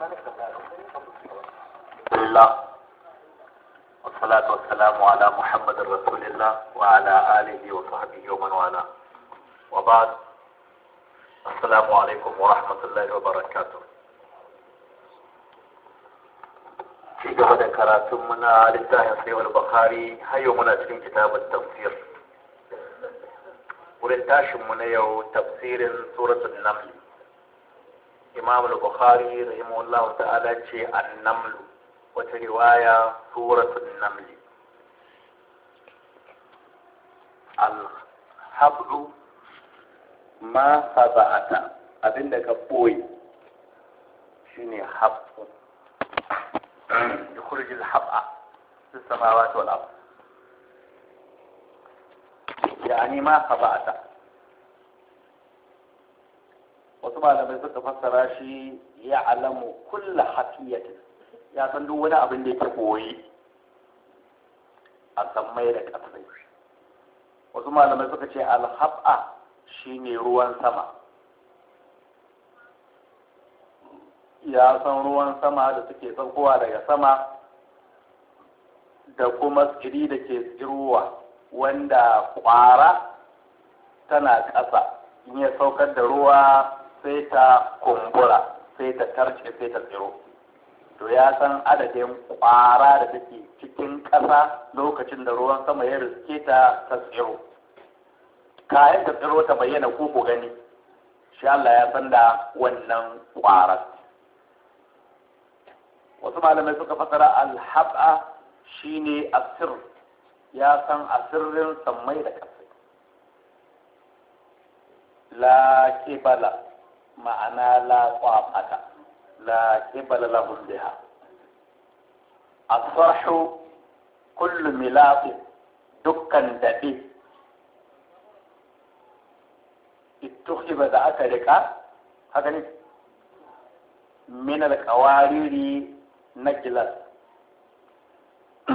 الحمد لله والصلاة والسلام على محمد رسول الله وعلى آله وصحبه ومن والاه وبعد السلام عليكم ورحمة الله وبركاته في قبل كراتمنا لله صحيح البخاري هيو مناسبين كتاب التفسير ورنتاش من يو تفسير سورة النمل إمام البخاري رحمه الله تعالى شيء النمل وترواية سورة النمل الحبل ما خبأت أبن لك بوي شيني حبل يخرج الحبأ في السماوات والأرض يعني ما خبأت wasu malamai suka fassara shi ya alamu kulla hafiyatin ya san duk wani abin da yake koyi a san mai da ƙasai wasu malamai suka ce alhab'a ne ruwan sama ya san ruwan sama da suke saukowa daga sama da kuma tsiri da ke tsirowa wanda kwara tana ƙasa in ya saukar da ruwa sai ta kumbura sai ta tarce sai ta tsiro to ya san adadin ƙwara da take cikin ƙasa lokacin da ruwan sama ya riske ta ta tsiro kayan ta tsiro ta bayyana ko ku gani shi Allah ya san da wannan ƙwarar wasu malamai suka fasara alhaɓa shine asir ya san sirrin sammai da ƙasa la kebala معنى لا طاقة لا قبل له بها الصرح كل ملاط دكا دبي اتخذ ذاك لك هكذا من القوارير نجلا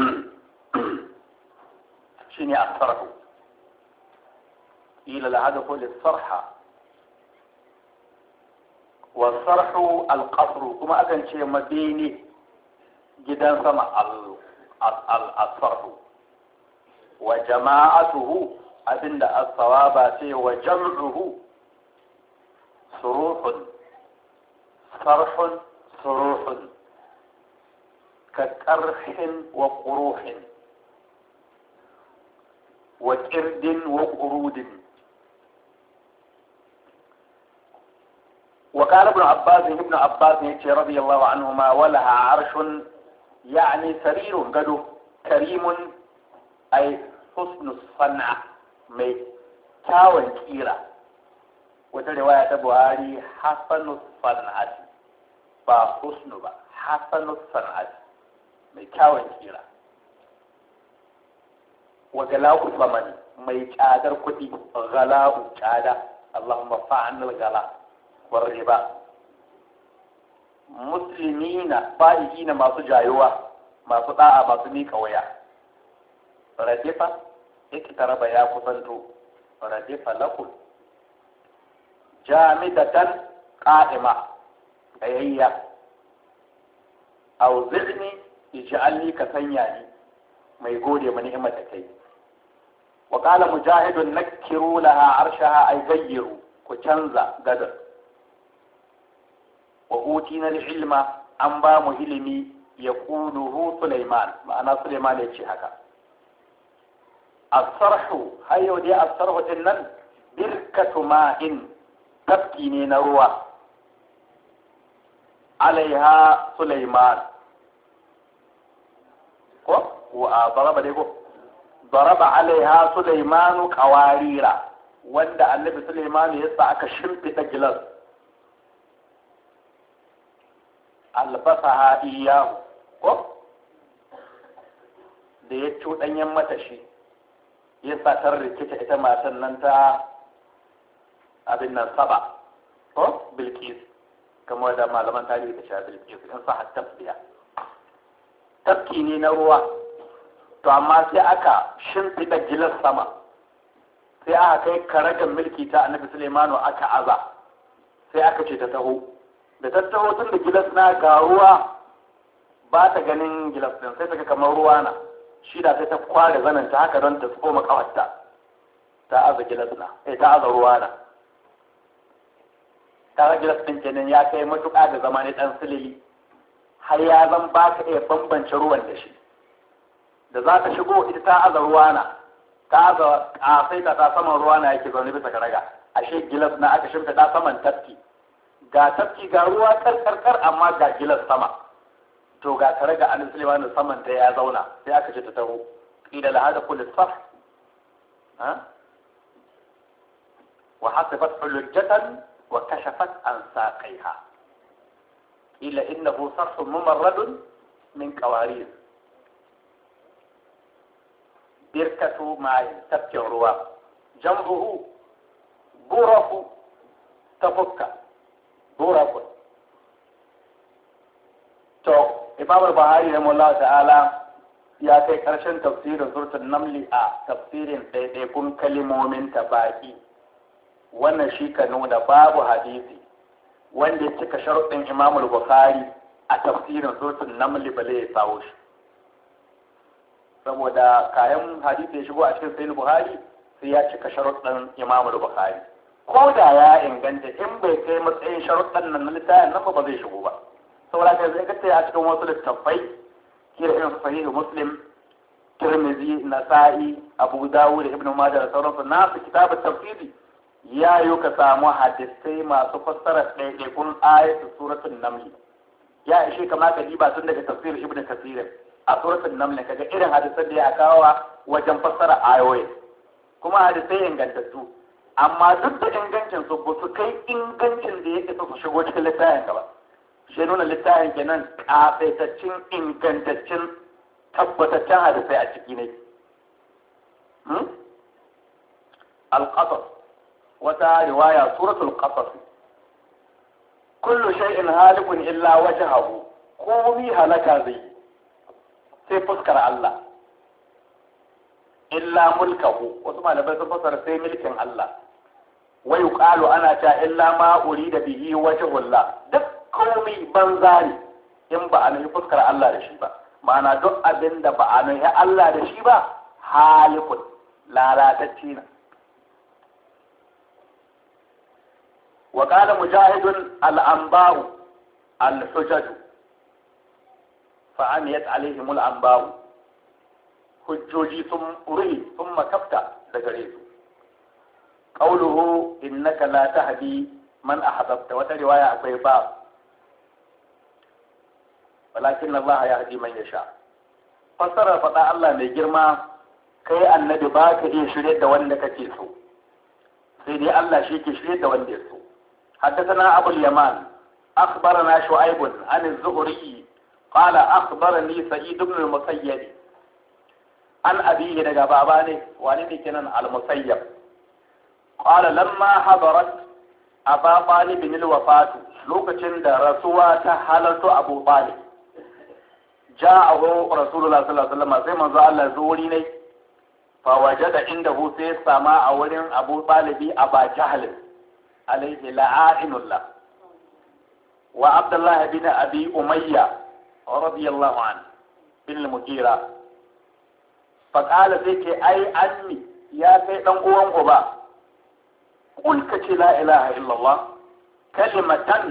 شنو الصرح إلى العدو للصرحة wa sarhu kuma akan ce mabini gidan sama al-sarhu wa jama'atuhu abinda as-sawaba ce wa jam'uhu suruhun sarhun suruhun ka karhin wa quruhin wa qirdin wa qurudin وقال ابن عباس ابن عباس رضي الله عنهما ولها عرش يعني سرير قدو كريم أي حسن الصنعة مي تاون كيرا وترواية بوهاري حسن الصنعة با حسن با حسن الصنعة مي تاون كيرا وغلاء الثمن مي كادر كتي غلاء كادا اللهم فعن الغلاء والربا muslimina na masu jayowa masu da'a masu mika waya radifa iktaraba ya kusanto radifa lakum jamidatan qa'ima ayayya aw zidni ij'alni ka sanya ni mai gode mani ni'imar kai wa qala mujahidun nakkiru laha arshaha ay bayyiru ku canza gadar wa utina ilma an ba mu ilimi ya hu Sulaiman ma'ana Sulaiman ya ce haka asarhu har yau dai asarhu din nan birkatu ma'in tafki ne na ruwa alaiha Sulaiman ko wa baraba dai ko daraba alaiha Sulaiman qawarira wanda annabi Sulaiman ya sa aka shimfida gilas albasaha iyahu ko da ya cuɗanyen ɗanyen shi ya satar rikita ita matan nan ta abin nan saba ko bilkis kamar da malaman tarihi ta sha bilkis in sa hatta biya tafki ne na ruwa to amma sai aka shimfiɗa gilar sama sai aka kai karagan mulki ta annabi Suleimanu aka aza sai aka ce ta taho da tattaho tun da gilas na ga ruwa ba ta ganin gilas din sai ta ga kamar ruwa na shi da sai ta kware zanen ta haka don ta tsoko makawarta ta aza gilas na eh ta aza ruwa na ta ga gilas din kenan ya kai matuƙa da zama ne dan silili har ya zan ba ka iya bambance ruwan da shi da za ta shigo ita ta aza ruwa na ta aza sai ta saman ruwa na yake zaune bisa ka raga ashe gilas na aka shimfiɗa saman tafki ga tafki ga ruwa karkarkar amma ga gilas sama to ga tare ga annabi sulaiman saman ta ya zauna sai aka ce ta taho ila la hada kullu sah ha wa hasifat hulujatan wa kashafat an saqiha ila innahu sarfun mumarrad min qawarir birkatu ma'in tafkin ruwa jam'uhu burafu tafukka sura ku to imam bahari rahimahullah ta'ala ya kai karshen tafsirin suratul namli a tafsirin ɗaiɗaikun kalimomin ta baki wannan shi ka nuna babu hadisi wanda ya cika sharuɗin imam bukhari a tafsirin suratul namli bale ya sawo shi saboda kayan hadisi ya shigo a cikin sahih buhari sai ya cika sharuɗin imam bukhari ko da ya inganta in bai kai matsayin sharuɗan nan na littafin nan ba zai shigo ba saboda ka zai kace a cikin wasu littattafai kira irin sahihu muslim tirmidhi nasa'i abu dawud ibn majah da sauransu nasu kitabu tafsiri ya yi ka samu hadisai masu fassara ɗaiɗaikun ayatu suratun namli ya ishe kama ka diba tun daga tafsir ibn kasir a suratun namli kaga irin hadisan da ya kawo wajen fassara ayoyi kuma hadisai ingantattu amma duk da ingancin su ba su kai ingancin da yake su shigo cikin littafin ka ba shi nuna littafin nan kafaitaccen ingantaccen tabbataccen hadisai a ciki ne hmm? al-qasas wata riwaya suratul qasas kullu shay'in halikun illa wajhahu komi halaka zai sai fuskar Allah illa mulkahu wasu malamai sun fassara sai mulkin Allah wai ƙalu ana ta illa ma uri da bihi wata hulla duk komi banzari in ba a nufi fuskar Allah da shi ba ma'ana duk abin da ba a Allah da shi ba halikun lalatacci na wa ƙala mujahidun al'ambaru al-hujjaju fa'amiyat alaihimul ambaru hujjoji sun ruri sun makafta da gare su kauluhu innaka la tahdi man ahbabta wata riwaya akwai ba walakin Allah ya hadi man yasha fassara fada Allah mai girma kai annabi ba ka iya shirye da wanda kake so sai dai Allah shi ke shirye da wanda ya so haddathana abul yaman akhbarana shu'aib an az-zuhri qala akhbarani sa'id ibn al-musayyib an abihi daga babane wani ne kenan al-musayyib qala lamma hadarat aba talib bin wafatu lokacin da rasuwa ta halarto abu talib ja'ahu rasulullah sallallahu alaihi sai manzo Allah zuri ne fa wajada indahu sai sama a wurin abu a ba jahl alaihi la'inullah wa abdullah bin abi umayya radiyallahu anhu bin al-mughira fa qala sai ke ai anni ya kai ɗan uwan uba kul ka ce la ilaha illallah kalimatan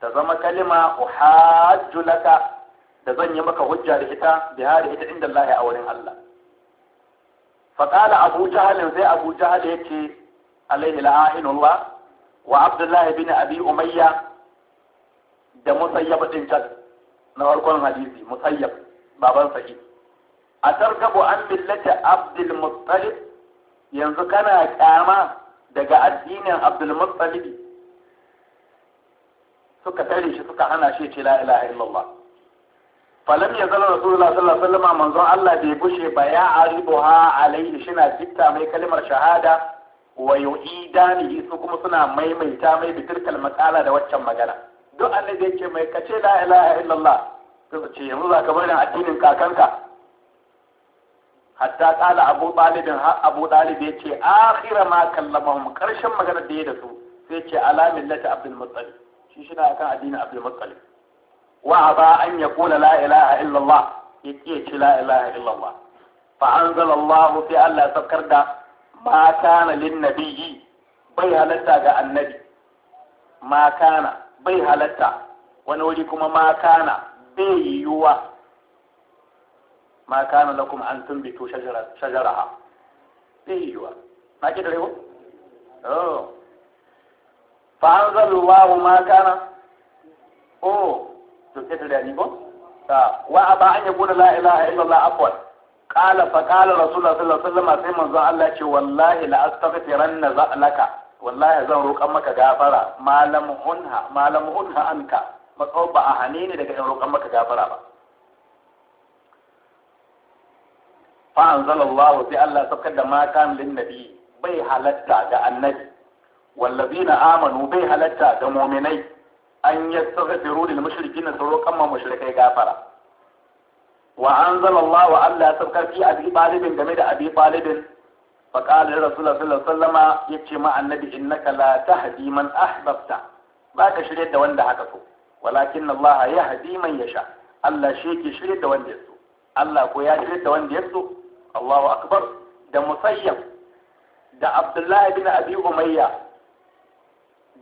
ta zama kalima uhajju laka da zan yi maka hujja da ita bi hada ita inda Allah a wurin Allah fa qala abu jahal sai abu jahal yace alaihi la'inullah wa abdullah bin abi umayya da musayyab din can na farkon hadisi musayyab baban sa'id a tarkabu an millata abdul muttalib yanzu kana kyama daga addinin abdulmuttalibi suka tare shi suka hana shi ce la ilaha illallah falam ya zala rasulullah sallallahu alaihi wasallam manzon Allah bai bushe ba ya aribuha alaihi shina jitta mai kalmar shahada wa yu'idani su kuma suna maimaita mai bitirkal matsala da waccan magana duk annabi yake mai kace la ilaha illallah sai ce yanzu zaka bar addinin kakanka hatta kala abu dalibin har abu dalib ya ce akhira ma kallamahum karshen maganar da ya da su sai ce ala millati abdul muttalib shi shina akan addinin abdul muttalib wa aba an yaqula la ilaha illa allah ce la ilaha illa allah fa anzala allah fi allah sakar da ma kana lin nabiyyi bai halatta ga annabi ma kana bai halatta wani wuri kuma ma kana bai yiwuwa ma kana lakum an tumbitu shajaraha bai yiwa ki dare ko oh fa anzalallahu ma kana oh to ke dare ni ko ta wa aba an yakuna la ilaha illallah afwan qala fa qala rasulullah sallallahu alaihi wasallam sai manzo Allah ce wallahi la astaghfiranna laka wallahi zan roƙan maka gafara malam hunha malam hunha anka ba a hane ne daga in roƙan maka gafara ba fa anzalallahu sai Allah saukar da ma kan lin nabi bai halatta ga annabi wallazina amanu bai halatta ga mu'minai an yastaghfiru lil mushrikin suru kamma mushrikai gafara wa anzalallahu Allah saukar fi abi talibin game da abi talibin fa qala rasulullah sallallahu alaihi wasallama yace ma annabi innaka la tahdi man ahbabta ka shirye da wanda haka so walakin Allah yahdi man yasha Allah shi ke shirye da wanda ya so Allah ko ya shirye da wanda ya so Allahu akbar da musayyab da abdullahi bin abi umayya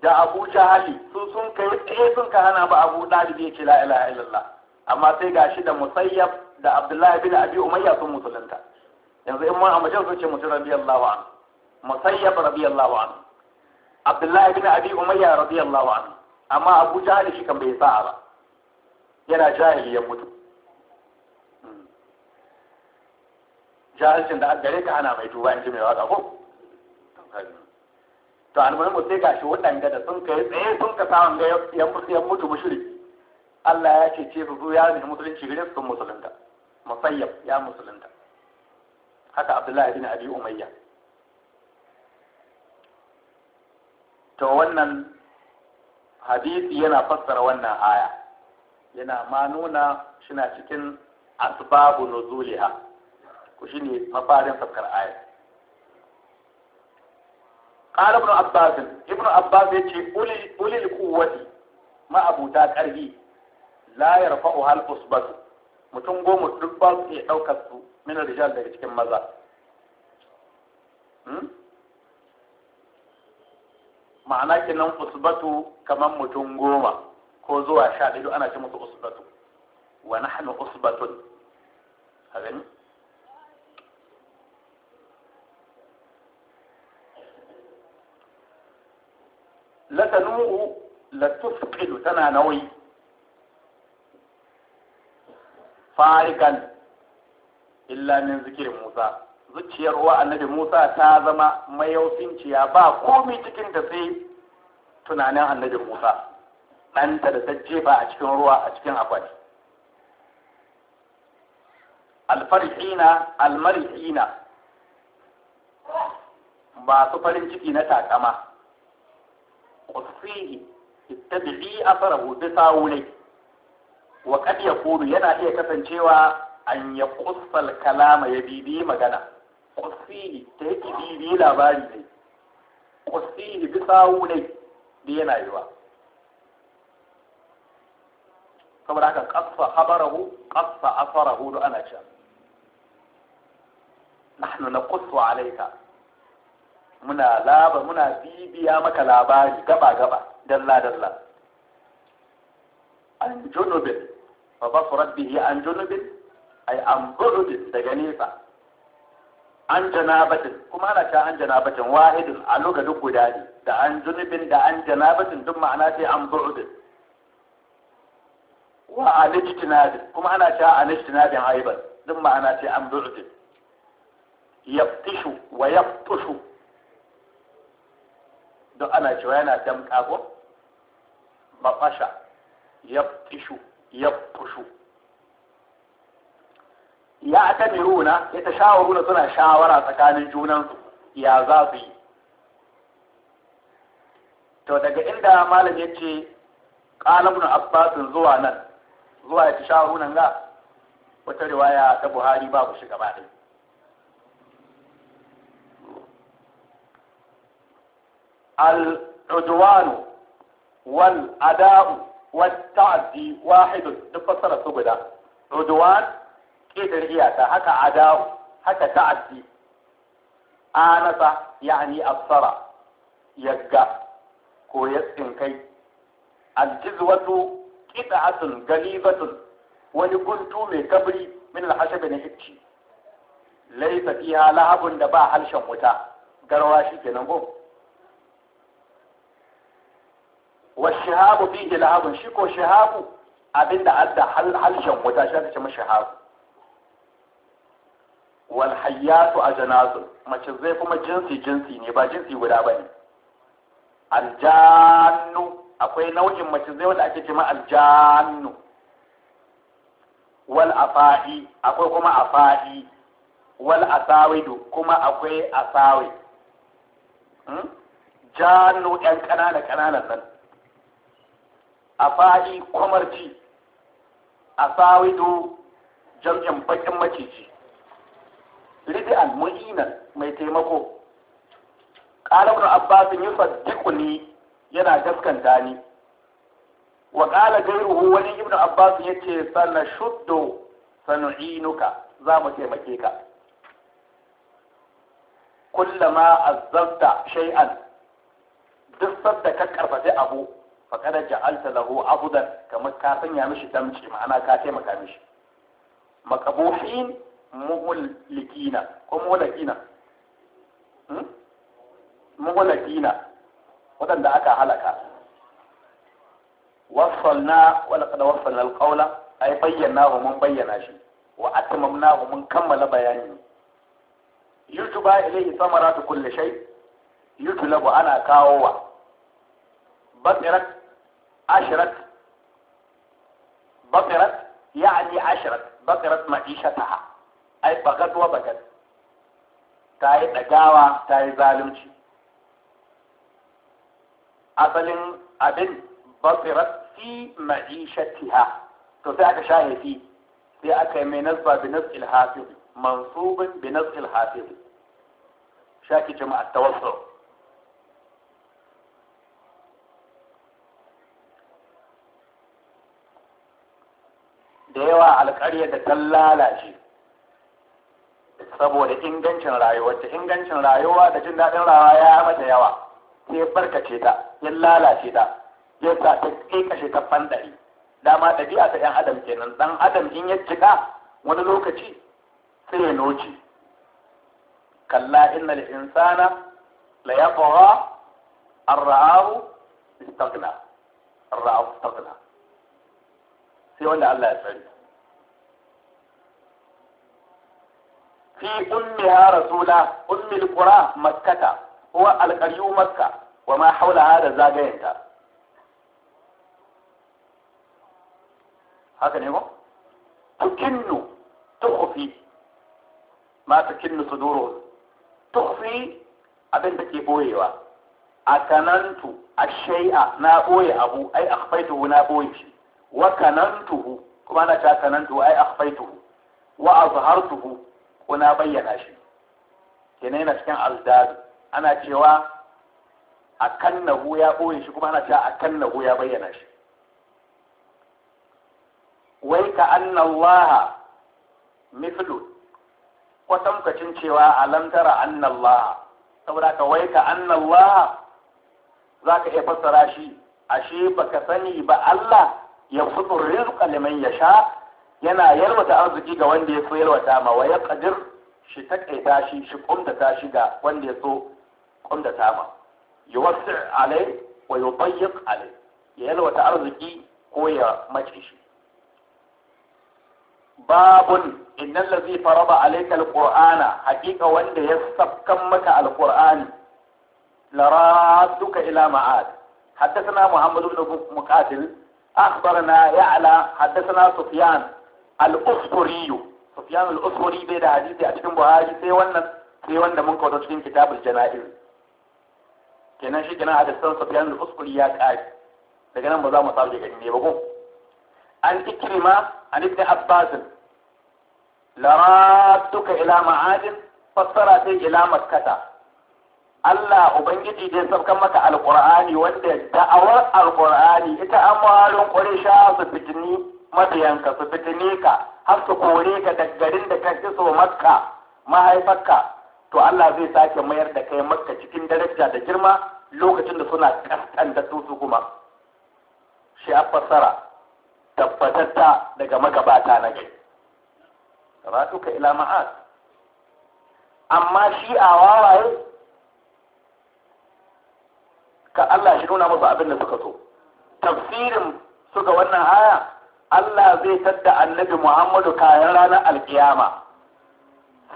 da abu jahali su sun kai eh sun ka hana ba abu dalib ya ce la ilaha illallah amma sai gashi da musayyab da abdullahi bin abi umayya sun musulunta yanzu in mun ambace su ce mutum radiyallahu anhu musayyab radiyallahu anhu abdullahi bin abi umayya radiyallahu anhu amma abu jahali shi kan bai sa'a ba yana jahili ya mutu jahilcin da gare ka ana mai duba in ji mai waka ko to mu sai gashi waɗanda da sun kai tsaye sun ka samun ga yan mutu mushriki Allah ya ce ce su ya ne musulunci gare sun musulunta musayyab ya musulunta haka Abdullahi bin Abi Umayya to wannan hadisi yana fassara wannan aya yana ma nuna shina cikin asbabu nuzuliha Ku shi ne mafarin sabkar ayat قال ibn عباس ibn abbas ya ce ulil القوة ma'abuta ƙarfi تاك أرهي لا usbatu, mutum goma duk ba su iya ɗaukar su min rijal daga cikin maza hmm? ma'ana kenan usbatu kamar mutum goma ko zuwa sha ɗaya ana ce musu usbatu wa nahnu usbatun a gani latanu'u latufqidu tana nauyi farikan illa min zikirin Musa zuciyar wa annabi Musa ta zama mayausinciya ba komai cikin da sai tunanin annabi Musa ɗanta da ta jefa a cikin ruwa a cikin akwati alfarhina almarhina masu farin ciki na takama qasihi ittabi'i asarahu bi sawulai wa qad yakunu yana iya kasancewa an ya kussal kalama ya bibi magana kussihi ta yake bibi labari ne kussihi bi yiwa saboda haka kassa habarahu kassa asarahu da ana cewa nahnu naqussu alayka muna laba muna bibiya maka labari gaba gaba dalla dalla an junubin fa bafarat bihi an junubin ay an burudin daga nesa an janabatin kuma ana ta an janabatin wahidin a luga duk guda ne da an junubin da an janabatin duk ma'ana sai an burudin wa alijtinabin kuma ana ta alijtinabin aiban duk ma'ana sai an burudin yaftishu wa yaftushu don ana cewa yana damƙa ko baɓasha ya fushu. ya fushu ya ta miruna ya ta shawaruna suna shawara tsakanin junansu ya za su yi to daga inda malam ya ce ƙalabun abbasin zuwa nan zuwa ya ta shawaruna ga wata riwaya ta buhari babu shiga ba ɗaya al-udwan wal ada'u wat ta'di wahid duk fassara su guda udwan kidar iyaka haka ada'u haka ta'di anasa yani asara, yagga ko ya tsinkai al-jizwatu qita'atun galibatun wani guntu mai kabri min al-hashabi na hicci laifa fiha lahabun da ba halshen wuta garwa shi kenan ko wa shihabu fihi lahabun shi ko shihabu abinda adda halshen wuta shi aka ce mashi habu wal hayyatu a mace zai kuma jinsi jinsi ne ba jinsi guda bane aljannu akwai nau'in mace wanda ake ce ma wal afa'i akwai kuma afa'i wal asawidu kuma akwai asawi janu yan kanana kananan nan a fa'i kwamarci a sawido jam'in bakin maciji ridi'an mu'inan mai taimako ƙalabun abbasin yusa dikuni yana gaskanta ni wa ƙala gairuhu wani Ibn abbas ya ce sana shuddo sanu'inuka za mu taimake ka kullama azzabta shay'an duk sadda ka karfafi abu Faƙar da ja'alta lahu abudan kamar ka sanya mishi damci ma'ana ka taimaka mishi maqbuhin muhlikina ko muhlakina hmm? muhlakina wadanda aka halaka wasalna wa laqad wasalna alqawla ay bayyanahu mun bayyana shi wa atmamnahu mun kammala bayani yutuba ilayhi samaratu kulli shay yutlabu ana kawowa basirat عشرت بقرة يعني عشرت بقرة معيشتها أي بغت وبغت تاي دقاوة تاي ظالمشي أصل أبن بصرت في معيشتها تساعد شاهي في في من نصب بنص الحافظ منصوب بنص الحافظ شاكي جماعة التوصل da yawa alƙarya da ta lalace saboda ingancin rayuwa ta ingancin rayuwa da jin daɗin rayuwa ya mata yawa ya barkace ta ya lalace ta ya sa ta kashe ta fandari dama ɗabi'a ta ɗan adam kenan ɗan adam in ya cika wani lokaci sai ya noce kalla inna insana la yabgha ar istaghna ar istaghna sai wanda Allah ya tsare fi ummiha rasula ummil qura makkata huwa makka wa ma hawlaha da zagayenta haka ne ko tukinnu tukhfi ma tukinnu duro tukhfi abin da ke boyewa a shai'a na boye abu ai akhfaituhu na boye shi wa kanantuhu kuma ana ta kanantu ai akhfaituhu wa azhartuhu ko na bayyana shi kenan yana cikin aldad ana cewa akannahu ya boye shi kuma ana cewa akannahu ya bayyana shi wai ka annallaha mithlu kwatankwacin cewa alam tara annallaha saboda ka wai ka annallaha za ka iya fassara shi ashe baka sani ba Allah ya kudu rizqa liman sha yana yarwata arziki ga wanda ya so yarwata ma wa yaqdir shi takaita shi shi kumdata shi ga wanda ya so kumdata ma yuwassi alai wa yudayyiq alai ya yarwata arziki ko ya mace shi babun innal ladhi farada alayka alqur'ana haqiqa wanda ya sabkan maka alqur'ani laraduka ila ma'ad حدثنا محمد بن مقاتل أخبرنا يعلى حدثنا سفيان الأسخري سفيان الأسخري بيد عزيزي أتكن بهاي سيوانا سيوانا من قوة تشكين كتاب الجنائل كنا شي كنا عدد سنة سفيان الأسخري ياك آي لكنا مضا مطابقة كنين يبقو أن إكرما أن ابن أباز لرادتك إلى معادن فصرت إلى مكة Allah Ubangiji zai saukan maka alƙur'ani wanda da'awar alƙur'ani ita an mawarin sha su fitini mabiyanka su fitini ka har su kore ka da garin da ka so makka mahaifarka to Allah zai sake mayar da kai makka cikin daraja da girma lokacin da suna da su kuma shi a fassara tabbatatta daga magabata na gai karatu ka ila ma'ad amma shi a wawaye ka Allah shi nuna musu abin da suka so tafsirin suka wannan aya Allah zai tadda annabi Muhammadu kayan ranar alkiyama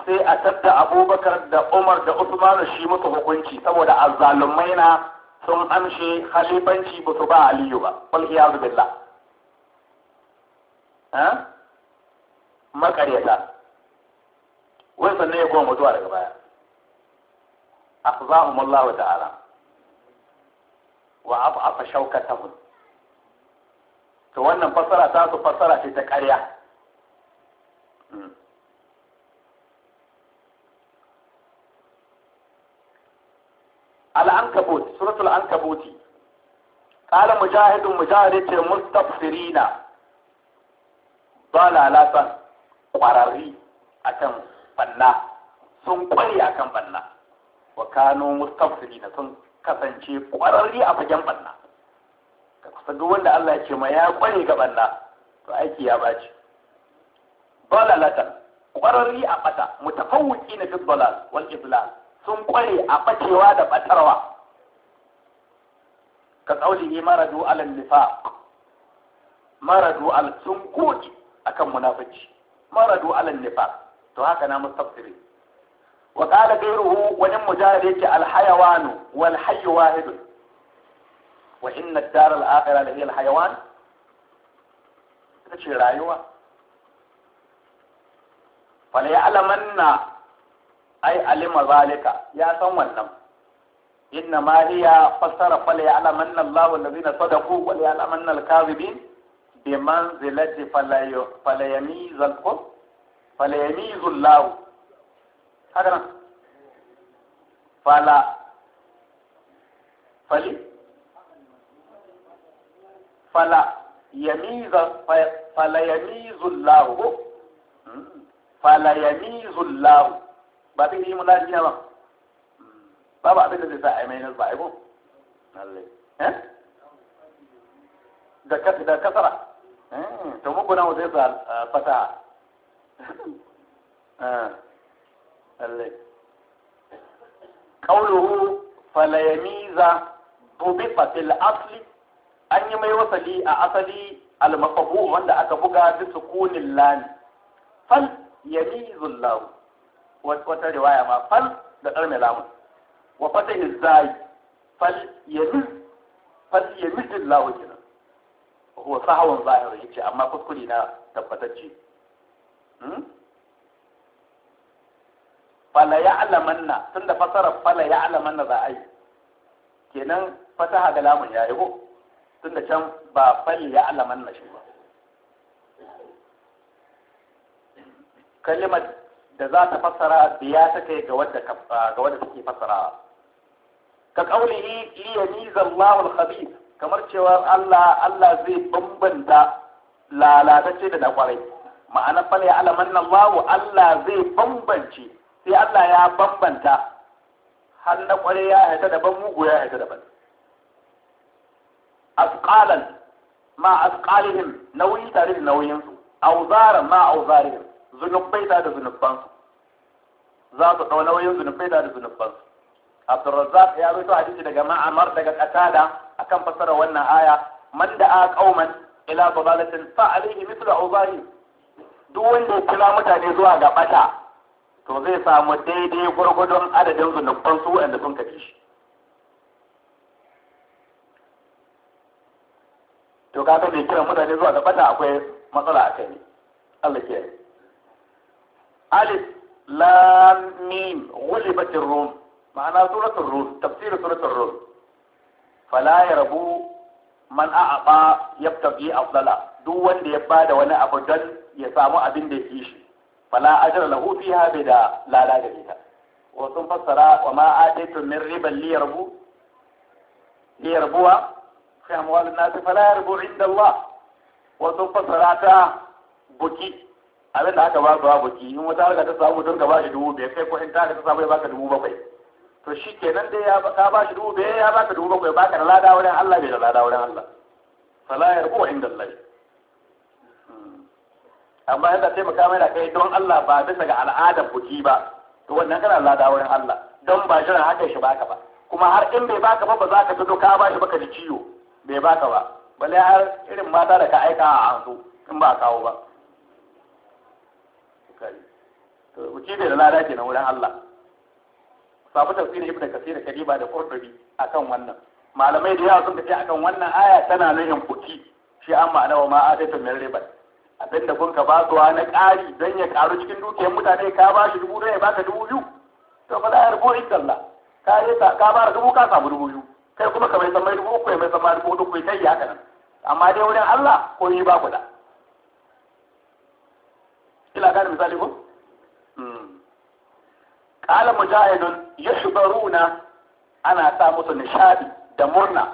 sai a tadda abubakar da umar da usman shi musu hukunci saboda azzalumai na sun amshe halifanci ba su ba aliyu ba wal iyazu billah makaryata wai sannan ya koma mutuwa daga baya akhzahum ta'ala wa abu afa shaukatahum to wannan fassara ta su fassara ce ta ƙarya hmm. al-ankabut suratul ankabuti qala mujahidun mujahid ce mustafsirina balalatan kwararri akan banna sun kware akan banna wa kano mustafsirina sun kasance ƙwararri a fagen ɓanna ka kusa duk wanda Allah ya ce ma ya ƙware ga ɓanna to aiki ya baci dalalatan ƙwararri a ɓata mutafawwiki na duk dalal wal iblal sun ƙware a ɓacewa da ɓatarwa ka tsauli ne maradu alal nifaq maradu al sun koki akan munafici maradu alal nifaq to haka na mustaqbiri wa qala ghayruhu wani mujahid yake al hayawan wal hayyu wahid wa inna ad-dar al akhirah la hiya al hayawan ce rayuwa fala ya'lamanna ai alima zalika ya san wannan inna ma hiya fassara fala ya'lamanna Allahu allazina sadaqu haka fala fali fala yamiza fala yamizu Allah hmm. fala yamizu Allah ba ta yi mulaji ba ba hmm. ba abin da zai sa a yi mai nasba ai eh da da kasara eh, to mugu na zai sa eh, fata eh. lallai kauluhu falayamiza dubifa fatil asli an yi mai wasali a asali al wanda aka buga da sukunin lam fal yamizu Allah wata riwaya ma fal da karme lamu wa fatahi zai fal yamiz fal yamiz Allah kenan huwa sahawan zahiri yace amma kuskure na tabbatacce hmm? fala tun da fasara fala ya'lamanna za a yi kenan fasaha ga lamun ya yi ko da can ba fal ya'lamanna shi ba kalimar da za ta fasara biya ta kai ga wadda ga wadda take fassara ka qaulihi li yamiza Allahu al-khabith kamar cewa Allah Allah zai bambanta lalatacce da dakwarai ma'ana fal ya'lamanna Allahu Allah zai bambance sai Allah ya bambanta har na kware ya haita daban mugu ya haita daban asqalan ma asqalihim nauyin tare da nauyinsu auzara ma auzarihim zunubai da su za su ɗau nauyin zunubai da zunubansu Abdurrazzaq ya rawaito hadisi daga Ma'amar daga Qatada akan fasara wannan aya man da a qauman ila dalalatin fa alayhi mithlu auzari duk wanda ya kula mutane zuwa ga bata to zai samu daidai gwargwadon adadin zunubban su wanda sun kafi shi to ka mai kiran mutane zuwa da akwai matsala a kai Allah ke alif lam mim ghulibatir rum ma'ana suratul rum tafsir suratul rum fala yarbu man a'aba yabtaghi afdala duk wanda ya bada wani abu dan ya samu abin da yake shi فلا ajra له فيها بدا da lada gare ta wa sun fassara wa ma ataitu ليربو riban li yarbu li yarbuwa fi amwal an-nas fala yarbu inda ta buki abin da aka ba su buki in wata harka ta samu don ka ba shi dubu biyar kai ko in ta ta samu ya baka dubu bakwai to shi kenan dai ya ka ba shi dubu biyar ya baka dubu bakwai baka da lada wurin Allah bai da lada wurin Allah fala yarbu inda Allah amma yana taimaka mai da kai don Allah ba bisa ga al'adar buki ba to wannan kana lada wurin Allah don ba jiran haka shi baka ba kuma har in bai baka ba ba za ka ji ka ba shi baka ji ciwo bai baka ba balle har irin mata da ka aika a hanzu in ba kawo ba to buki bai da lada na wurin Allah sabu tafsirin ibnu kasir kadiba da qurtubi akan wannan malamai da yawa sun tafi akan wannan aya tana nuhin buki shi an ma'ana wa ma atatu min riba abin kun ka ba na ƙari don ya ƙaru cikin dukiyar mutane ka ba shi dubu ɗaya ba ka dubu biyu to fa za a rubo inda Allah ka yi ka ba dubu ka samu dubu biyu kai kuma ka mai san mai dubu uku ya mai san mai dubu hudu kai kai haka nan amma dai wurin Allah ko yi ba ku da ila gane misali ko hmm. qala mujahidun yashbaruna ana sa musu nishadi da murna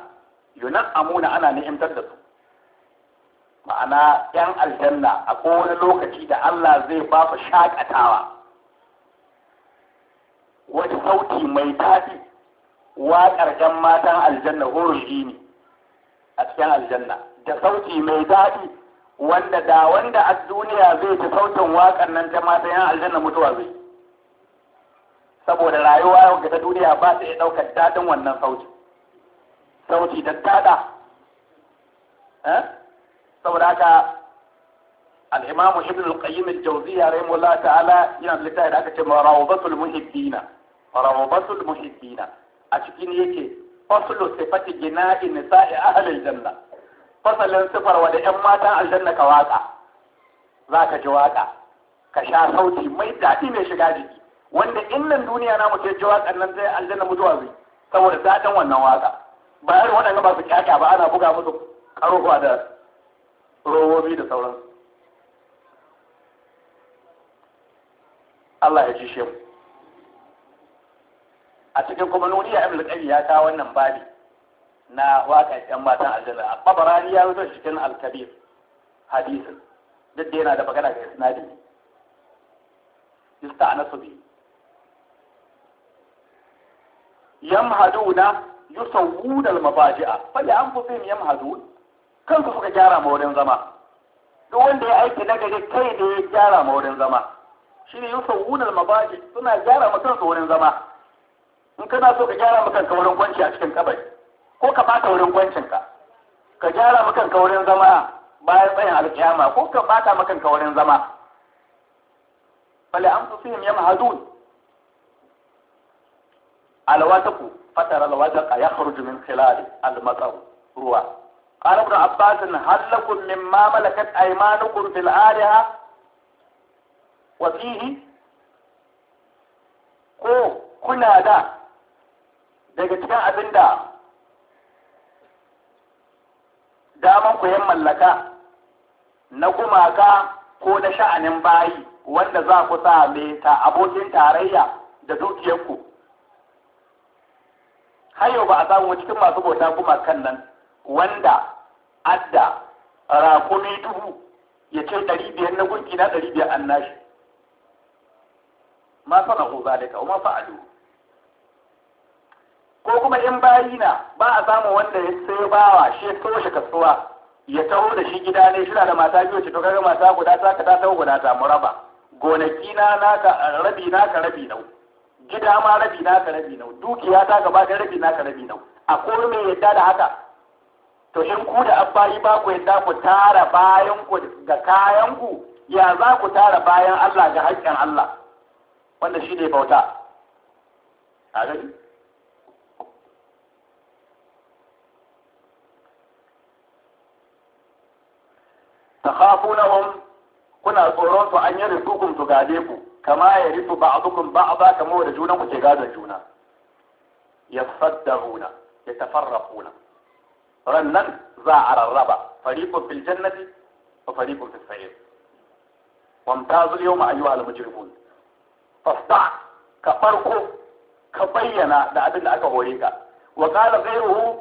amuna ana ni'imtar da su ma'ana yan aljanna a kowane lokaci da Allah zai ba su shakatawa wani sauti mai daɗi waƙar ƴan matan aljanna horon ne a cikin aljanna da sauti mai daɗi wanda da wanda a duniya zai ci sautin waƙar nan ta matan yan aljanna mutuwa zai saboda rayuwa ga ta duniya ba ta iya ɗaukar daɗin wannan sauti sauti da daɗa eh? saboda haka al ibn al-qayyim al-jawziyya rahimahullah ta'ala yana da da aka ce rawdatul muhibbina rawdatul muhibbina a cikin yake faslu sifati jina'i nisa'i ahli al-janna fasalin sifar wa da 'yan matan aljanna ka waka zaka ji waka ka sha sauti mai daɗi mai shiga jiki wanda in nan duniya na mutum ji waka nan zai aljanna mutuwa zai saboda daɗin wannan waka. ba irin waɗanda ba su kyaka ba ana buga musu karuwa da robobi da sauran Allah ya jishe mu a cikin kuma nuni ya amil kai ya ta wannan babi na waka yan matan aljanna a babarani ya rubuta cikin al-kabir hadisin duk da yana da magana ga isnadi yusta'anasu bi yamhaduna yusawwuna al-mabaji'a fa li anfusihim yamhadun kanka kuka gyara ma wurin zama duk wanda ya aiki na gari kai da ya gyara ma wurin zama shi ne yusa wunar mabaji suna gyara ma kansu wurin zama in kana so ka gyara ma kanka wurin kwanci a cikin kabari ko ka bata wurin kwancin ka Ka gyara ma kanka wurin zama bayan tsayin alkiyama ko ka bata ma kanka wurin zama bal anfusihim yamhadun alwataku fatar alwataqa yakhruju min khilali almataru ruwa قال ابن عباس هل لكم مما ملكت أيمانكم في الآلهة وفيه ko kuna da daga cikin abin da daman ku yan mallaka na gumaka ko na sha'anin bayi wanda za ku same ta abokin tarayya da dukiyarku har yau ba a samu cikin masu bauta gumakan nan wanda adda raƙumi duhu ya ce ɗari biyar na gunki na ɗari biyar an nashi ma sana ko zalika o ma fa'adu. ko kuma in bayi na ba a samu wanda ya sai bawa shi ya toshe kasuwa ya taho da shi gida ne shi da mata biyu ce to kaga mata guda ta ka ta taho guda ta mu raba gonaki na naka rabi naka rabi nau gida ma rabi naka rabi nau dukiya ta gaba da rabi naka rabi nau a kome yadda da haka to in ku da abbayi ba ku yadda ku tara bayan ku ga kayan ku ya za ku tara bayan Allah ga haƙƙin Allah wanda shi ne bauta a gani takhafunahum kuna tsoron su an yi rifukun su gade ku kama ya rifu a ba'da mawa da junan ku ke gadon juna Ya ya tafarrafuna rannan za a rarraba fariqun fil jannati wa fariqun fis sa'ir wamtazu al-yawma ayyuha al-mujrimun fasta ka farko ka bayyana da abin da aka hore ka wa qala ghayruhu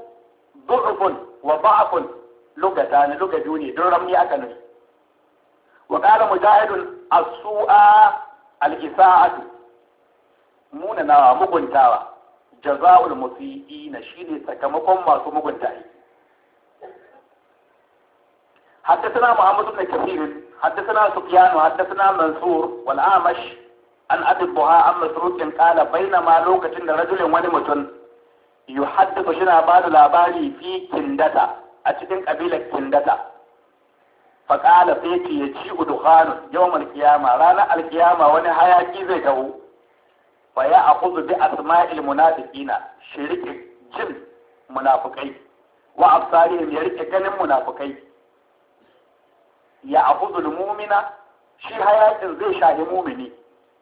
du'fun wa da'fun lugatan lugaduni don ramni aka nufi wa qala mujahidun as-su'a al-isa'atu munana muguntawa jaza'ul musii'ina shine sakamakon masu mugunta aiki حدثنا محمد بن كثير حدثنا سفيان حدثنا منصور والأعمش عن أبي الضحى عن مسروق قال بينما لوكة رجل ونمت يحدث شنا بعد الأباري في كندتا أتكن قبيلة كندتا فقال فيك يجيء دخان يوم القيامة رانا القيامة وانا هياكي زي كهو فيأخذ بأسماء المنافقين شريك جن منافقين وأبصارهم يريك جن منافقين ya akudul mumina shi hayakin zai shahi mumini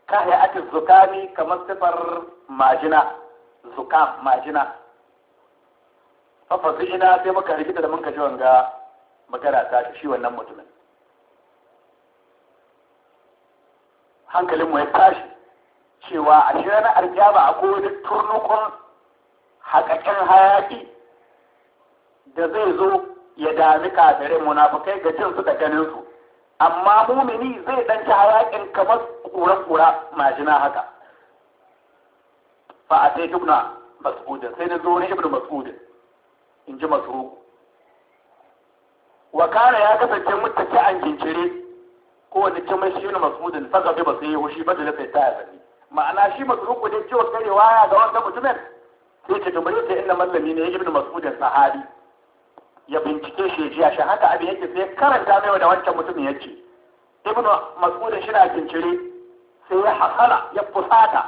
ka hayatin zukami kamar sifar majina zukam majina ina sai muka rikita da muka ji wanga magana ta shi wannan mutumin Hankalin mu ya tashi cewa a shi na alkiyama a wani turnukun haƙaƙen hayaƙi da zai zo ya dami kafirin munafukai ga cinsu su da ganin su amma mumini zai dan ci hayakin kamar kura-kura majina haka fa a sai dubna mas'udin sai na zo ni ibnu mas'udin in ji masu wa kana ya kasance mutaki an jinjire ko wani cimai shi ne mas'udin fa gabe ba sai ya hushi ba da sai ta sani, ma'ana shi masudin ne cewa karewa ya ga wanda mutumin sai ce to bari ta inna mallami ne ibnu mas'udin sahabi ya bincike shi ji shi haka abin yake sai karanta mai da wancan mutumin ya ce ibnu mas'ud shi na kincire sai ya hasala ya fusata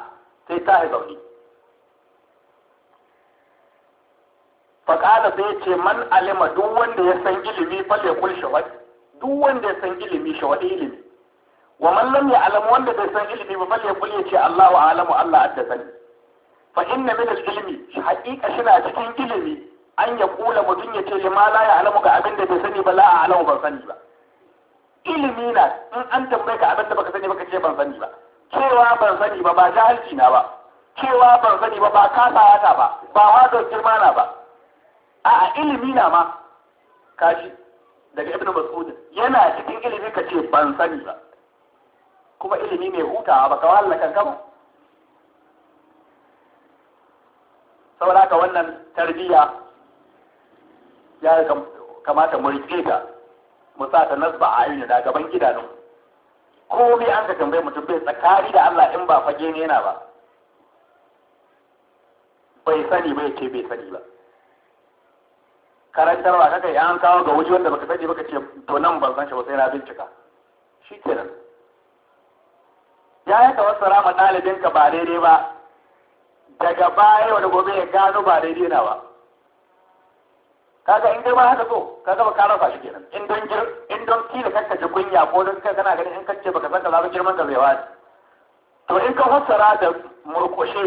sai ta zauni faƙala sai ce man alima duk wanda ya san ilimi falle kul shawad duk wanda ya san ilimi shawad ilimi wa man lam ya'lam wanda bai san ilimi ba falle kul ya ce Allahu a'lamu Allah adda sani fa inna min al-ilmi haqiqa shi na cikin ilimi an ya kula mutum ya ce ma la ya alamu ga abin da bai sani ba la a alamu ban sani ba ilimi na in an tambaye ka abin da baka sani baka ce ban sani ba cewa ban sani ba ba jahilci na ba cewa ban sani ba ba kasa ba ba hadar girma na ba a ilimi na ma kashi daga ibnu mas'ud yana cikin ilimi ka ce ban sani ba kuma ilimi mai hutawa ba ka wahala kanka ba saboda haka wannan tarbiyya ya kamata mu rike ta mu sa ta nasba a ayyuna da gaban Ko komai an ka tambaye mutum bai tsakari da Allah in ba fage ne yana ba bai sani bai ce bai sani ba karantarwa ba kai an kawo ga wuji wanda baka sani baka ce to nan ban san shi ba sai na bincika shi kenan ya yi tawassara ma ɗalibinka ba daidai ba daga baya wani gobe ya gano ba daidai na ba kaga in dai ba haka so kaga ba ka rasa shi kenan in don jir in don kila kanka ji kunya ko don kai kana ganin in kace baka san kaza ba girman da zai to in ka fassara da murkushe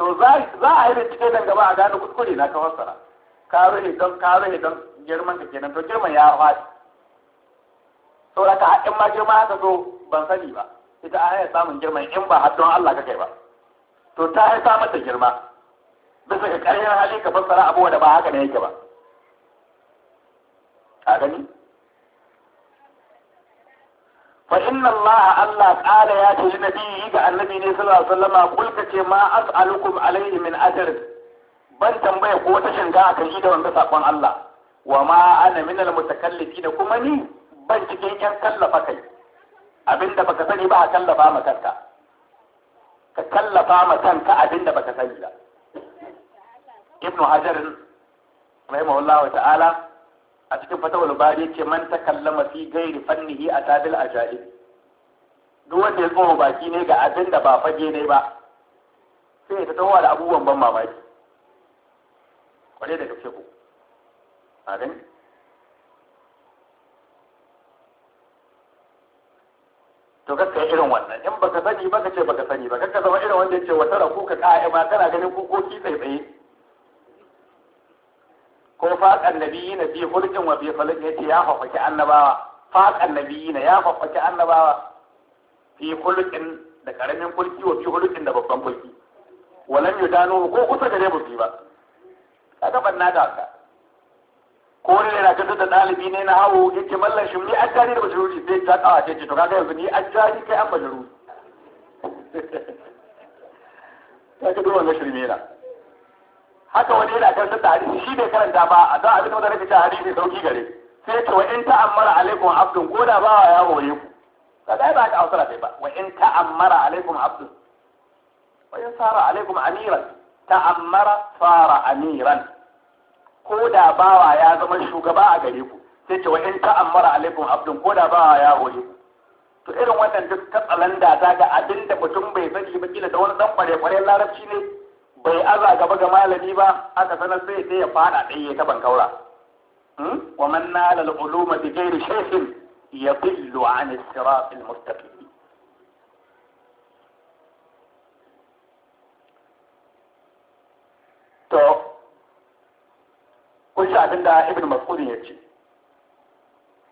to za a yi bincike dan gaba a gane kuskure na ka fassara ka rufe don ka rufe don girman ka kenan to girman ya faɗi saboda ka in ma girma haka so ban sani ba ita a yi samun girman in ba haddon Allah ka kai ba to ta haifar mata girma bisa ga ƙarfin hali ka fassara abubuwa da ba haka ne yake ba ka gani fa inna Allah Allah qala ya ce nabi ga annabi ne sallallahu alaihi wasallam kul ka ce ma as'alukum alaihi min ajr ban tambaya ko wata shinga akan shi da wanda sakon Allah wa ma ana min al da kuma ni ban cikin yan kallafa kai abinda baka sani ba ka kallafa ma kanka ka kallafa ma kanka abinda baka sani ba ibnu hajar rahimahullahu ta'ala a cikin fatawar bari ce man kallama fi gairi fannihi a tabil jari duk wanda ya tsoho baki ne ga abin da ba fage ne ba sai ya tattawa da abubuwan ban mamaki kwarai da gaske ko a gani to kakka irin wannan in baka sani baka ce baka sani ba kakka zama irin wanda ya ce wata raku ka ka'a ma kana ganin kukoki tsaitsaye ko faƙan na bi hulqin wa fi falqin yace ya fafaki annabawa faƙan na ya fafaki annabawa fi hulqin da karamin kulki wa fi hulqin da babban kulki walam yudanu ko kusa gare mu ba kaga banna da haka ko ne yana kasar da ɗalibi ne na hawo yake mallan shi ni an da bajiruri sai ta kawa ce to kaga yanzu ni an tari kai an bajiruri kaga dole na shirme na haka wani yana kan da hadisi shi bai karanta ba a dan abin da nake cewa hadisi sauki gare sai ce wa in ta'ammara alaikum abdun ko da bawa ya hore ku kaga ba ka ausara sai ba wa in ta'ammara alaikum abdun wa in sara alaikum amiran ta'ammara sara amiran ko da bawa ya zama shugaba a gare ku sai ce wa in ta'ammara alaikum abdun ko da bawa ya hore ku to irin wannan duk katsalanda ta ga abin da mutum bai sani ba kila da wani dan kware-kware larabci ne bai aza gaba ga malami ba aka sanar sai sai ya fada ɗaya ta bankaura hmm? wa man nala al-uluma bi ghairi shaykhin yadillu an as-sirat al-mustaqim to kun sha abin da ibn mas'ud ya ce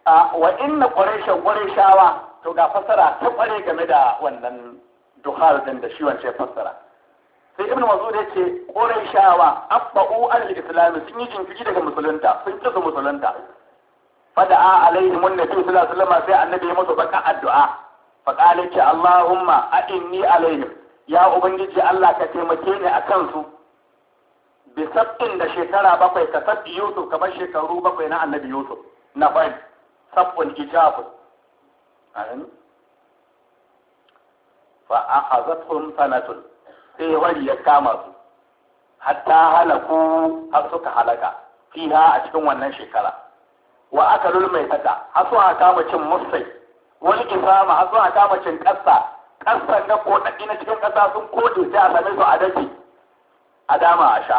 a wa inna quraysha wa to ga fasara ta kware game da wannan duhal din da shi wance fassara sai ibn mas'ud ya ce ƙorai shawa abba'u al-islam sun yi jinkiri daga musulunta sun ci su musulunta fada'a alaihim annabi sallallahu alaihi wasallam sai annabi ya musu baka addu'a fa qala ki allahumma a'inni alaihim ya ubangiji Allah ka taimake ni akan su bi sabbin da shekara bakwai ka sabbi yusuf kamar shekaru bakwai na annabi yusuf na bai sabbin ijabu fa akhazatuhum sanatun sai wani ya kama su hatta halaku har suka halaka fiha a cikin wannan shekara wa aka mai tata har suka kama cin musai wani kisama har suka kama cin kasa. ƙasan na kodaki na cikin kasa sun kode sai a same su a daji a dama a sha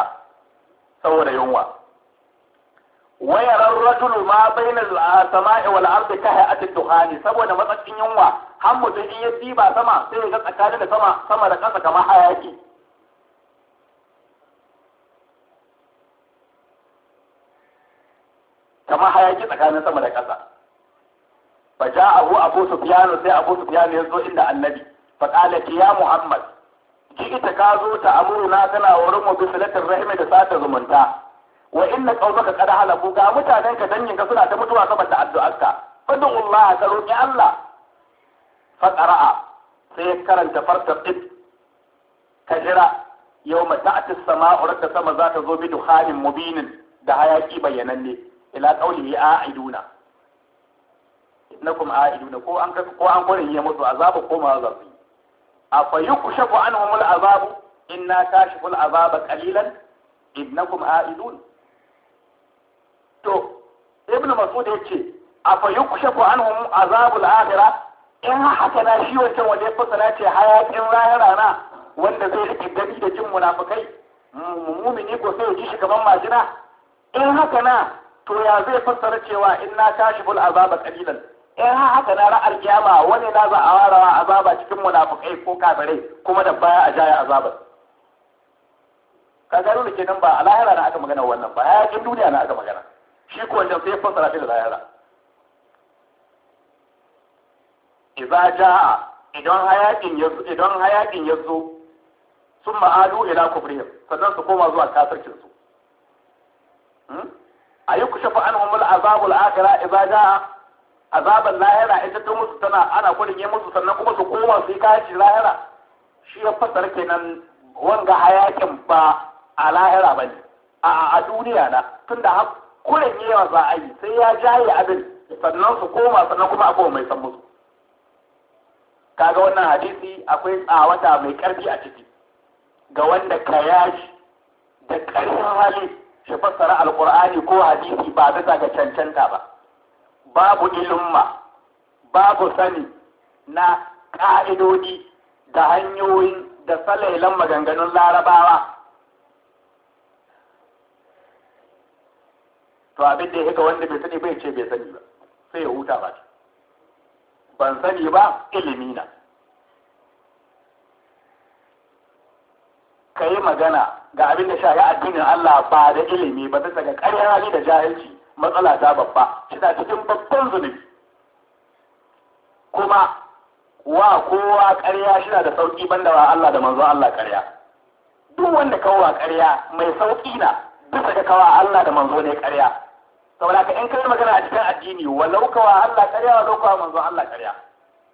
saboda yunwa wayar rajulu ma bainal sama'i wal ardi ka hay'atid duhani saboda matsakin yunwa har mutum in ya diba sama sai ya ga tsakanin da sama sama da ƙasa kamar hayaki kamar hayaki tsakanin sama da ƙasa fa ja'ahu abu sufyan sai abu sufyan ya zo inda annabi fa qala ya muhammad ita ka zo ta amuruna tana wurin mu bi salatin rahimi da sata zumunta wa inna qawmaka qad halaku ga mutanen ka dangin ka suna ta mutuwa saboda addu'arka fadin Allah ka roki Allah faƙara'a sai ya karanta farta ɗin ka jira yau mata a ci sama da sama za ta zo bi duhanin mubinin da hayaƙi bayyananne ila ƙauli ya a'iduna innakum a'iduna ko an ko an gurin ya mutu azabu ko ma za su afa yukshafu anhum al'azabu inna kashifu al'azaba qalilan innakum a'idun to ibnu mas'ud yace afa an anhum azabu al'akhirah in haka na shi wancan wanda ya fasara ce hayakin ranar rana wanda zai riƙe gani da jin munafukai mumini ko sai ya ji shi kamar majina in haka na to ya zai fassara cewa in na tashi bul azaba qalilan in haka na ra'ar kiyama wani na za a warawa azaba cikin munafukai ko kafirai kuma da baya a jaya azabar ka gano da kenan ba a lahira na aka magana wannan ba hayakin duniya na aka magana shi ko wancan sai fassara shi da lahira Iza jaa idan hayakin ya idan hayakin ya zo sun ma'adu ila kubrihim sannan su koma zuwa kafirkin su hmm? a yi kushe fa'an humul azabul akira iza jaa azaban lahira ita ta musu tana ana kurinye musu sannan kuma su koma su yi kayaci lahira shi ya fassara kenan wanga hayakin ba a lahira ba ne a duniya na tunda har kurinye yawa za a yi sai ya jaye abin sannan su koma sannan kuma abuwa mai san musu kaga wannan hadisi akwai tsawata mai karfi a ciki ga wanda ka yashi da ƙarfin hali shi fassara alƙur'ani ko hadisi ba bisa ga cancanta ba babu ilimma babu sani na ƙa'idodi da hanyoyin da salailan maganganun larabawa to abin da ya ga wanda bai sani bai ce bai sani ba sai ya huta ba ce. ban sani ba ilimi na ka yi magana ga abin da ya addinin Allah ba da ilimi ba bisa ga ƙaryar hali da jahilci matsala ta babba shida cikin babban zunubi kuma wa kowa ƙarya shida da sauƙi banda wa Allah da manzo Allah ƙarya duk wanda kawo karya mai sauƙi na bisa ga kawa Allah da manzo ne ƙarya saboda ka in kai magana a cikin addini walau ka wa Allah ƙarya walau ka wa manzo Allah ƙarya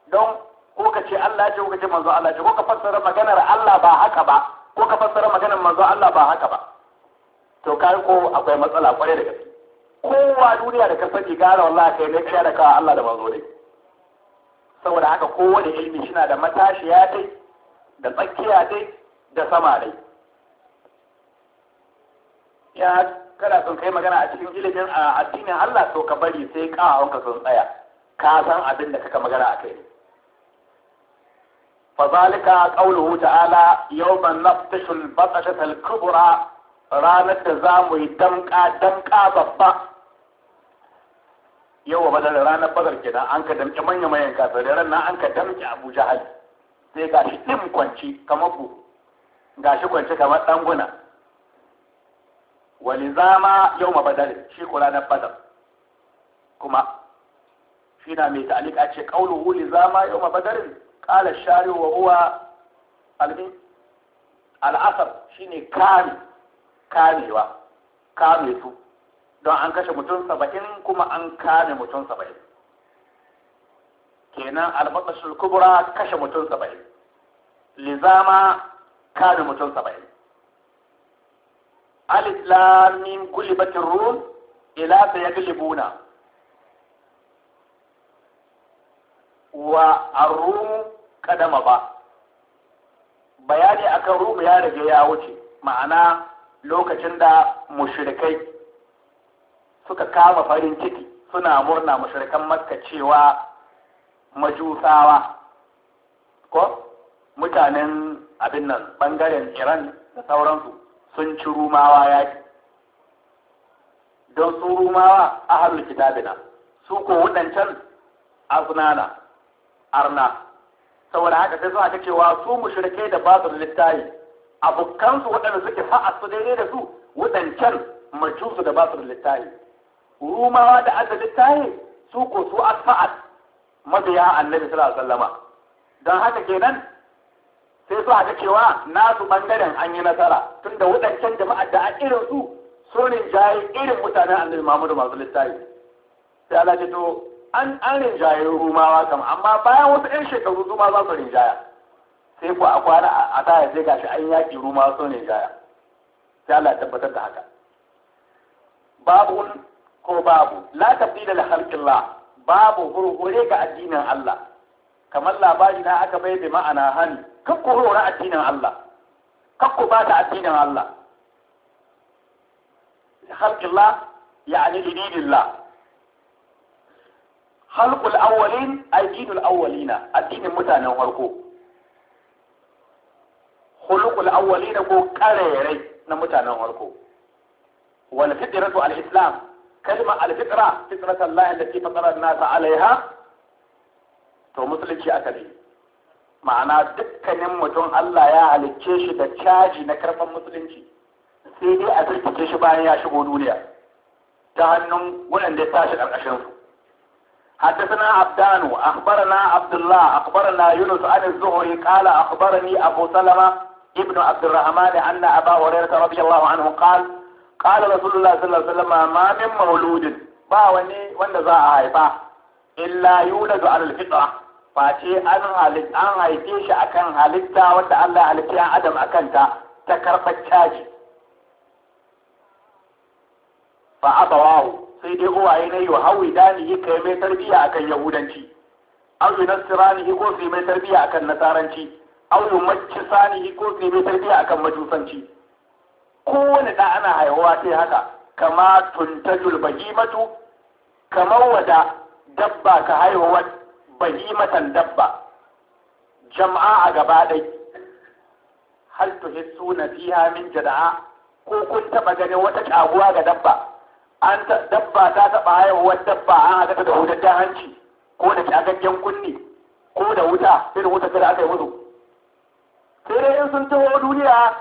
don ko ka ce Allah ce ko ka ce manzo Allah ce ko ka fassara maganar Allah ba haka ba ko ka fassara maganar manzo Allah ba haka ba to ka ko akwai matsala kwarai da gaske kowa duniya da ka sani gara wallahi kai ne kai da kawa Allah da manzo ne saboda haka kowane ilimi shi na da matashiya dai da tsakiya dai da sama dai ya kana son kai magana a cikin ilimin a addinin Allah to ka bari sai ka sun tsaya ka san abin da kaka magana a kai Ta'ala قوله تعالى يوم نفتش al الكبرى ranar da za mu yi damƙa damƙa babba yau wa badar ranar bazar kenan an ka damƙe manya manyan kasar da ran an ka damƙe abu jahal sai ga shi ɗin kwanci kamar ku ga shi kwanci kamar ɗanguna wani zama yau ma badar shi ko ranar badar kuma shi na mai ta'alika ce kaulu li zama yau ma badar kala shari wa huwa almi al'asar shine kame kamewa kame su don an kashe mutum saba'in kuma an kame mutum saba'in kenan albatashul kubra kashe mutum saba'in lizama kame mutum saba'in alif lam mim kulibatir rum ila sayaglibuna wa a rum kadama ba bayani akan rum ya rage ya wuce ma'ana lokacin da mushrikai suka kama farin ciki suna murna mushrikan makka cewa majusawa ko mutanen abin nan bangaren iran da sauransu sun ci rumawa yaƙi don su rumawa a halin kitabina su ko waɗancan asunana arna saboda haka sai suna ta cewa su mushrikai da basu littahi abokansu waɗanda suke fa'a su daidai da su waɗancan majusu da basu littahi rumawa da adda littahi su ko su asfa'at mabiya annabi sallallahu alaihi wasallama don haka kenan sai su aka cewa nasu bangaren an yi nasara tunda waɗancan jama'a da a irin su so ne jayi irin mutanen annabi Muhammadu masu littafi sai Allah ce to an an rinjaye rumawa kam amma bayan wasu 'yan shekaru su ma za su rinjaya sai ku a kwana a taya sai gashi an yaƙi rumawa so jaya sai Allah tabbatar da haka babu ko babu la tabdila li khalqillah babu hurhure ga addinin Allah kamar labari na aka bai bi ma'ana hani kakku hora addinin Allah ku ba ta addinin Allah ya yani lidinillah halqul awwalin ay dinul awwalina addinin mutanen farko khuluqul awwalina ko karerai na mutanen farko wal fitratu al islam kalma al fitra fitratu allahi allati fatara an-nasa alaiha to musulunci aka ne ma'ana dukkanin mutum Allah ya halicce shi da caji na karfan musulunci sai dai a birkice shi bayan ya shigo duniya ta hannun waɗanda ya tashi ƙarƙashin su حدثنا عبدان أخبرنا عبد الله أخبرنا يونس عن الزهري قال أخبرني أبو سلمة ابن عبد الرحمن أن أبا هريرة رضي الله عنه قال قال رسول الله صلى الله عليه وسلم ما من مولود با وني وان ذا عايبا إلا يولد على الفطرة face an haife shi akan halitta wanda Allah halitta yan adam akan ta ta karɓar caji Ba a abawahu sai dai uwaye na yi wa hawi dani yi kai mai tarbiyya akan yahudanci an yi nasirani ko su mai tarbiyya akan nasaranci an yi macci sani ko su mai tarbiyya akan majusanci kowane da ana haihuwa sai haka kama tuntajul bahimatu kamar wada dabba ka haihuwa bahimatan dabba jama'a a gaba ɗai hal tuhissu na fiha min jada'a ko kun taɓa ganin wata ƙaguwa ga dabba an dabba ta taɓa haihuwar dabba an haka da wutar da hanci ko da kyagaggen kunni ko da wuta da wuta da aka yi musu sai dai in sun taho duniya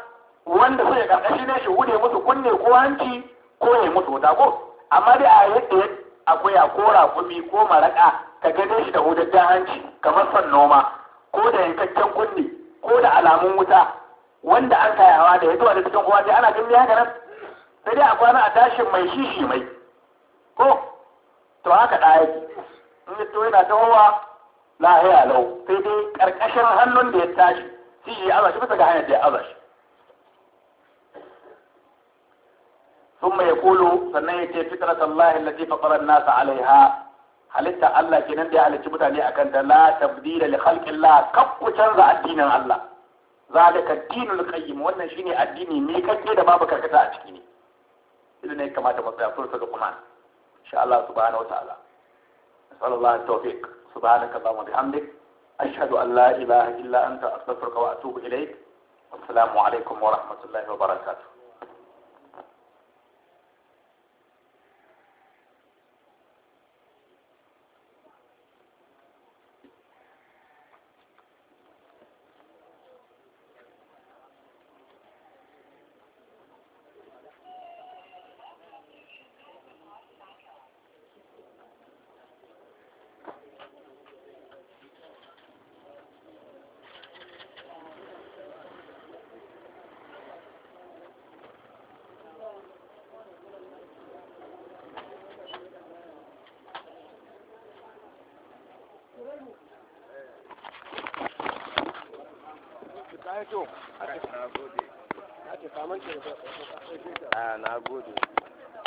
wanda suke karkashi ne shi wuce musu kunne ko hanci ko ya musu wuta ko amma dai a yadda a kora rakumi ko maraka ka gane shi da hudaddan hanci kamar son noma ko da yankakken kunni ko da alamun wuta wanda an kayawa da ya zuwa da cikin uwa sai ana gani ya garan sai dai a kwana a tashin mai shishi mai ko to haka da yake in ya to yana tahowa lahiya lau sai dai ƙarƙashin hannun da ya tashi shi ya azashi bisa ga hanyar da ya azashi ثم يقول سنه فطرة الله التي فطر الناس عليها halitta Allah kenan da ya halicci mutane akan ta la tabdila li khalqillah kakku canza addinin Allah zalika dinul qayyim wannan shine addini ne kake da babu karkata a ciki ne idan ne kamata mu tsaya furta Luqman insha Allah subhanahu wataala sallallahu tawfiq subhanaka allahumma bihamdik ashhadu an la ilaha illa anta astaghfiruka wa atubu ilaik assalamu alaikum wa